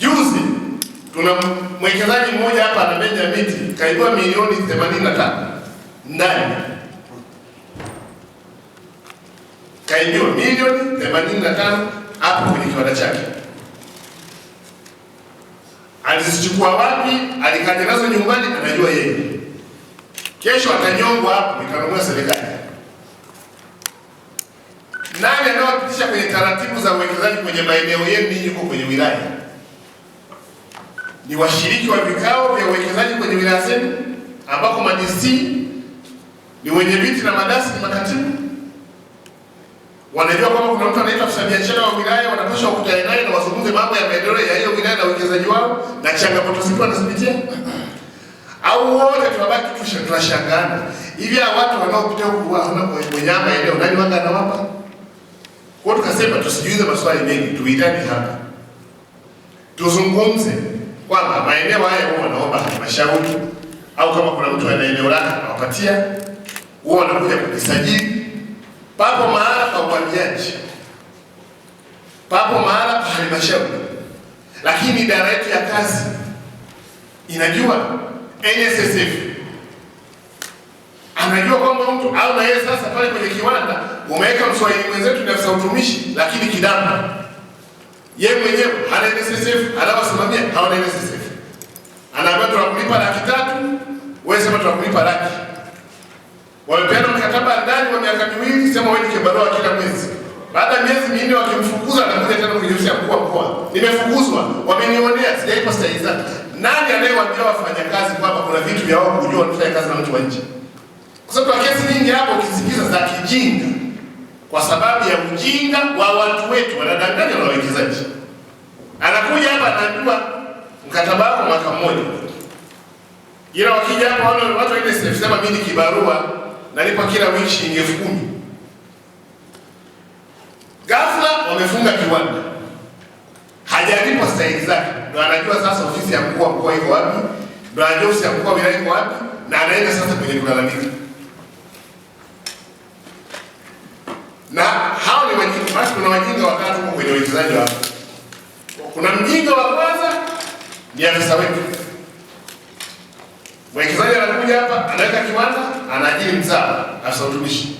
Juzi tuna mwekezaji mmoja hapa benja miti kaibua milioni 85 ndani, kaibiwa milioni 85 hapo kwenye kiwanda chake. Alizichukua wapi? Alikaja nazo nyumbani, anajua yeye. Kesho atanyongwa hapo, ikanunua serikali. Nani anawapitisha kwenye taratibu za uwekezaji kwenye maeneo yenu? Yuko kwenye wilaya ni washiriki wa vikao vya uwekezaji kwenye wilaya zenu, ambako madisi ni wenye viti na madasi ni makatibu. Wanajua kwamba kuna mtu anaitwa afisa biashara wa wilaya, wanatosha wakutane naye na wazungumze mambo ya maendeleo ya hiyo wilaya na uwekezaji wao na changamoto zipo wanazipitia au wote tunabaki tu tunashangana hivi, hao watu wanaopita huku wenye hapa eneo nani wanga na wapa kwao. Tukasema tusijiulize maswali mengi, tuhitaji hapa tuzungumze kwamba maeneo haya huwa wanaomba halmashauri au kama kuna mtu ana eneo lake anawapatia, huwa wanakuja kujisajili. Papo mahala pa uhamiaji, papo mahala pa halmashauri, lakini idara yetu ya kazi inajua NSSF anajua kwamba mtu au na yeye sasa pale kwenye kiwanda umeweka mswahili mwenzetu nafsa utumishi, lakini kidamba yeye mwenyewe hana NSSF, anawasimamia hawana NSSF. Anaambia tunakulipa laki tatu, wewe sema tunakulipa laki. Wamepeana mkataba ndani wa miaka miwili, sema wewe ni barua kila mwezi. Baada ya miezi minne wakimfukuza anakuja tena kujiusia mkuu wa mkoa. Nimefukuzwa, wamenionea, sijaipa stahili zangu. Nani anayewaambia wafanyakazi kwamba kuna vitu vya wao kujua wanafanya kazi na mtu wa nje? Kwa sababu kesi nyingi hapo ukisikiza za kijinga kwa sababu ya ujinga wa watu wetu, wanadanganya na wawekezaji. Anakuja hapa anajua mkataba wako mwaka mmoja, ila wakija hapa wale watu wengine sema mimi ni kibarua, nalipa kila wiki shilingi elfu kumi. Ghafla wamefunga kiwanda, hajalipa stahili zake, ndo anajua sasa ofisi ya mkuu wa mkoa iko wapi, ndo anajua ofisi ya mkuu wa wilaya iko wapi, na anaenda sasa kwenye kulalamika. na hao ni wajinga. Basi kuna wajinga watatu huko kwenye uwekezaji wa, kuna mjinga wa kwanza ni afisa wetu. Mwekezaji anakuja hapa, anaweka kiwanda, anaajiri mzawa, afisa utumishi.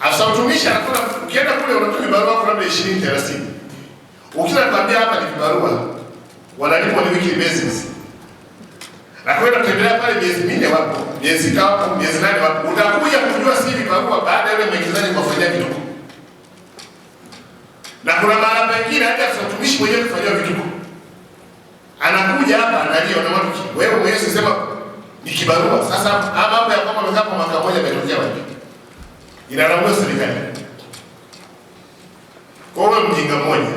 Afisa utumishi anakula, ukienda kule unatoa vibarua kwa labda 20 30. Ukila kwambia hapa ni vibarua, wanalipwa ni weekly basis na kwenda hiyo pale miezi minne wapo miezi tatu miezi nane wapo, utakuja kujua si vibarua baada ya yule mwekezaji kufanyia vituko, na kuna mara pengine hata watumishi mwenyewe kufanyia vituko. Anakuja hapa analia, na watu wewe mwenyewe sema ni kibarua. Sasa hapa mambo ya kwamba amekaa kwa mwaka mmoja ametokea wapi? Inalaumiwa serikali. Kwa hiyo mjinga mmoja,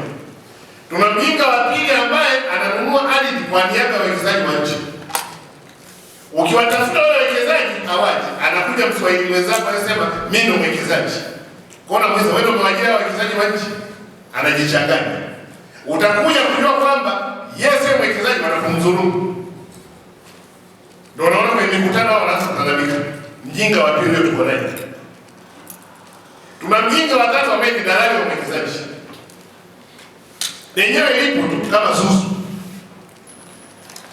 tuna mjinga wa pili ambaye ananunua ardhi kwa niaba ya wawekezaji wa nchi Ukiwatafuta wale wawekezaji hawaji, anakuja mswahili mwenzako anasema mimi ndo mwekezaji, kona mwenza wewe ndo mwajiri wawekezaji wa nchi, anajichanganya. Utakuja kujua kwamba yeye sio mwekezaji, wanakumdhulumu. Ndio naona kwenye mikutano wao rasmi kulalamika, mjinga wa pili tuko naye, tuna mjinga watatu ambaye ni dalali wa mwekezaji, lenyewe lipo tu kama zuzu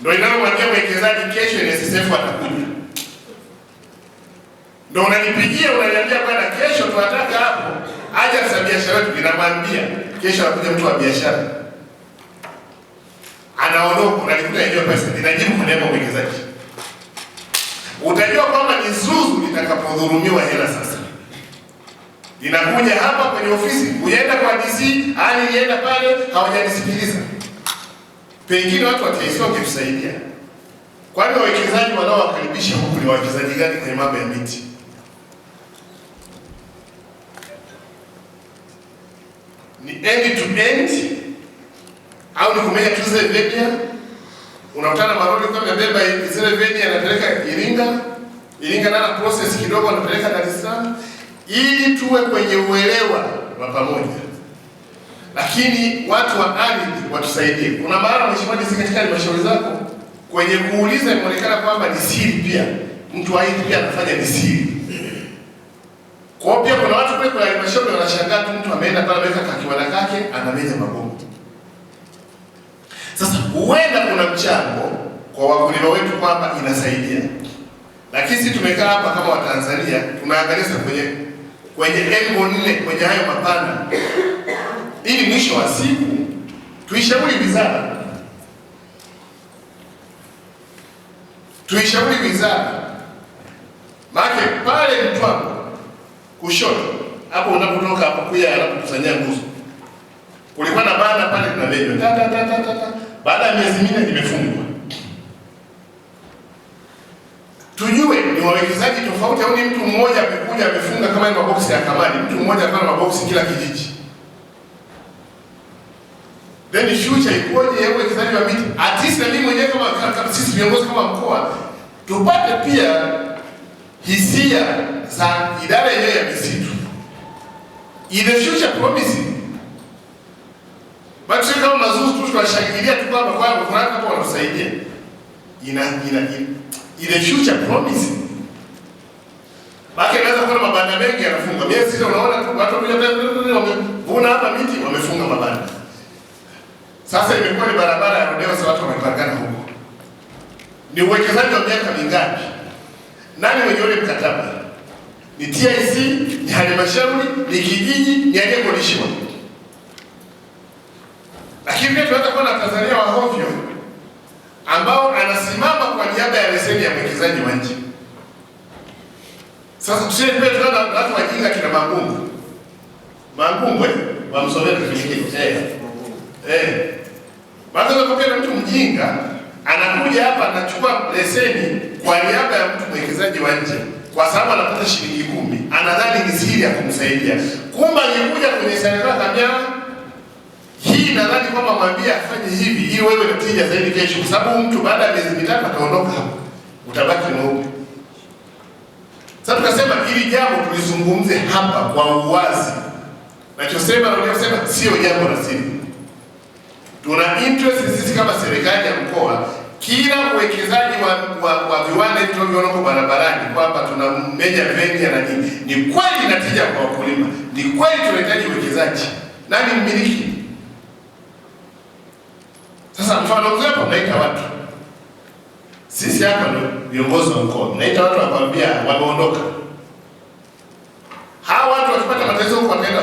ndio inayomwambia mwekezaji kesho NSSF atakuja, ndio unanipigia unaniambia bwana, kesho tunataka hapo aje ya biashara tu, inamwambia kesho anakuja mtu wa biashara, anaondoka, unalikuta hiyo pesa ninajibu kwa neema mwekezaji. Utajua kwamba ni zuzu nitakapodhulumiwa hela sasa linakuja hapa kwenye ofisi, kuenda kwa DC, hali ilienda pale, hawajanisikiliza pengine watu wataisiwa wakitusaidia. Kwani wawekezaji wanaowakaribisha huku ni wawekezaji gani kwenye mambo ya miti? Ni end to end au ni kumenya tu zile venia? Unakutana maroli kwa mbeba zile venia, anapeleka Iringa, Iringa na process kidogo, anapeleka Dar es Salaam, ili tuwe kwenye uelewa wa pamoja lakini watu wa ardhi watusaidie. Kuna mara mheshimiwa DC katika halmashauri zako kwenye kuuliza imeonekana kwamba ni siri, pia mtu aidi pia anafanya ni siri. Kwa pia kuna watu kule kwa halmashauri wanashangaa tu, mtu ameenda pale ameweka kakiwanda kake anamenya mabomu. Sasa huenda kuna mchango kwa wakulima wetu kwamba inasaidia, lakini sisi tumekaa hapa kama Watanzania tunaangalia kwenye kwenye engo nne kwenye hayo mapana ili mwisho wa siku tuishauri wizara tuishauri wizara, maana pale Mtwapa kushoto hapo unapotoka hapo kuya anapokusanyia nguzo, kulikuwa na bana pale tunalenywa ta ta ta ta, baada ya miezi minne limefungwa. Tujue ni wawekezaji tofauti au ni mtu mmoja amekuja amefunga kama ni maboksi ya kamali, mtu mmoja kama maboksi kila kijiji then future ikoje ya uwekezaji wa miti? At least na mimi mwenyewe kama kama sisi viongozi kama mkoa tupate pia hisia za idara yenyewe ya misitu in the future promise. Basi kama mazuri tu tunashangilia tu kwamba kwa sababu kuna watu wanatusaidia ina ina in the future promise. Baki naweza kuona mabanda mengi yanafungwa. Mimi sisi unaona tu watu wamevuna hapa miti wamefunga mabanda. Sasa imekuwa ni barabara ya rodeo, sasa watu wamepangana huko. Ni uwekezaji wa miaka mingapi? Nani mwenye ule mkataba? Ni TIC, ni halmashauri, ni kijiji, ni aliyekodishiwa? Lakini pia tunaweza kuwa na Tanzania wa hovyo ambao anasimama kwa niaba ya leseni ya mwekezaji wa nje. Sasa tusiye pia tunaona watu wajinga kina Mangungu. Mangungu eh, wamsomea kipindi eh. Eh. Baada ya kupata mtu mjinga anakuja hapa anachukua leseni kwa niaba ya mtu mwekezaji wa nje, kwa sababu anapata shilingi kumi, anadhani ni siri ya kumsaidia, kumbe alikuja kwenye sanaa kamera hii. Nadhani kwamba mwambie afanye hivi ili wewe natija zaidi kesho, kwa sababu mtu baada ya miezi mitatu ataondoka hapo, utabaki na upi? Sasa tukasema hili jambo tulizungumze hapa kwa uwazi, nachosema, nachosema sio jambo la siri tuna interest sisi kama serikali ya mkoa kila uwekezaji wa, wa, wa viwanda hivi tunavyoona kwa barabarani kwamba tuna meja vengi na nini, ni kweli natija kwa wakulima, ni kweli tunahitaji uwekezaji. Nani mmiliki? Sasa mfano mzepo, hapa, mnaita watu sisi hapa ndio viongozi wa mkoa, mnaita watu wakwambia wameondoka. Hawa watu wakipata matatizo huko wataenda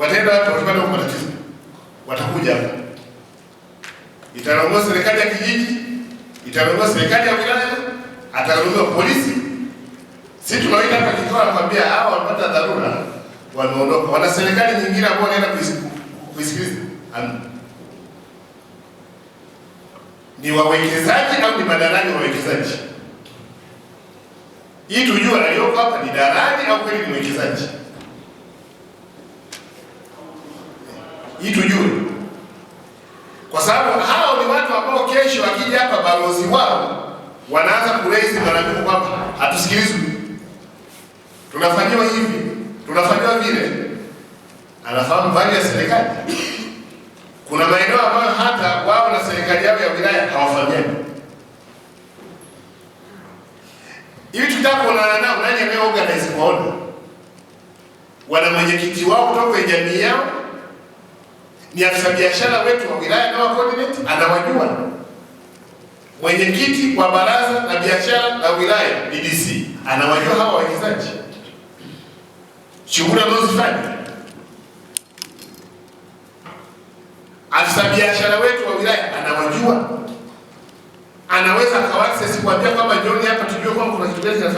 wataenda hapa, watapata huko matatizo, watakuja hapa. Italongoa serikali ya kijiji, italongoa serikali ya wilaya, atalongoa polisi. Si tunawaita hapa kitoa kwambia hawa wamepata dharura, wameondoka, wana serikali nyingine ambao wanaenda kuisikiliza. Amen. Ni wawekezaji au ni madalali wawekezaji? Hii tujua aliyoko hapa ni dalali au kweli ni mwekezaji? hii tujue, kwa sababu hao ni watu ambao kesho akija hapa balozi wao wanaanza kurezi malalamiko kwamba hatusikilizwi, tunafanyiwa hivi, tunafanyiwa vile. Anafahamu bali ya serikali kuna maeneo ambayo hata wao na serikali yao ya wilaya hawafanyani Hivi tutakuonana nao, nani anayeorganize kuona wana mwenyekiti wao kutoka kwenye jamii yao ni afisa biashara wetu wa wilaya na coordinate anawajua. Mwenyekiti wa baraza la biashara la wilaya BDC anawajua hawa wawekezaji, shughuli anazozifanya. Afisa biashara wetu wa wilaya anawajua, anaweza akawaccess kuambia kama jioni hapa tujue kwamba kuna kitu gani